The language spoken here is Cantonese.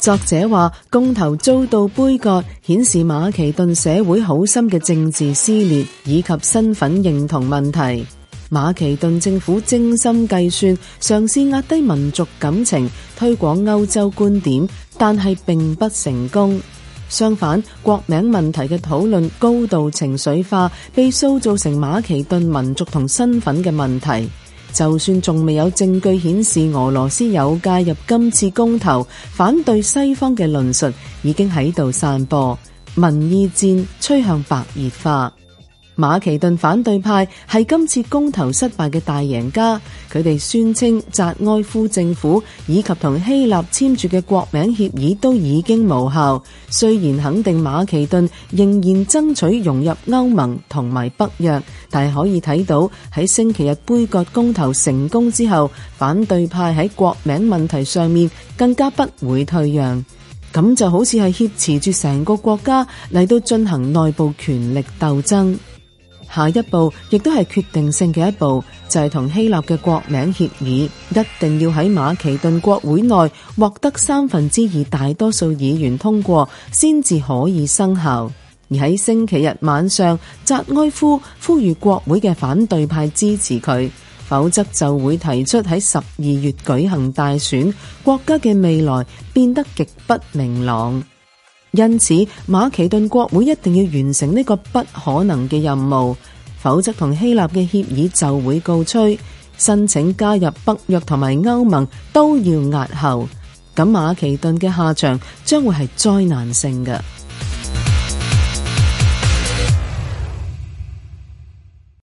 作者話，公投遭到杯葛，顯示馬其頓社會好深嘅政治撕裂以及身份認同問題。馬其頓政府精心計算，嘗試壓低民族感情，推廣歐洲觀點，但係並不成功。相反，國名問題嘅討論高度情緒化，被塑造成馬其頓民族同身份嘅問題。就算仲未有證據顯示俄羅斯有介入今次公投，反對西方嘅論述已經喺度散播，民意戰趨向白熱化。馬其頓反對派係今次公投失敗嘅大贏家，佢哋宣稱扎埃夫政府以及同希臘簽署嘅國名協議都已經無效。雖然肯定馬其頓仍然爭取融入歐盟同埋北約，但係可以睇到喺星期日杯葛公投成功之後，反對派喺國名問題上面更加不會退讓，咁就好似係挾持住成個國家嚟到進行內部權力鬥爭。下一步亦都係決定性嘅一步，就係同希臘嘅國名協議，一定要喺馬其頓國會內獲得三分之二大多數議員通過，先至可以生效。而喺星期日晚上，扎埃夫呼籲國會嘅反對派支持佢，否則就會提出喺十二月舉行大選，國家嘅未來變得極不明朗。因此，馬其頓國會一定要完成呢個不可能嘅任務，否則同希臘嘅協議就會告吹，申請加入北約同埋歐盟都要押後。咁馬其頓嘅下場將會係災難性嘅。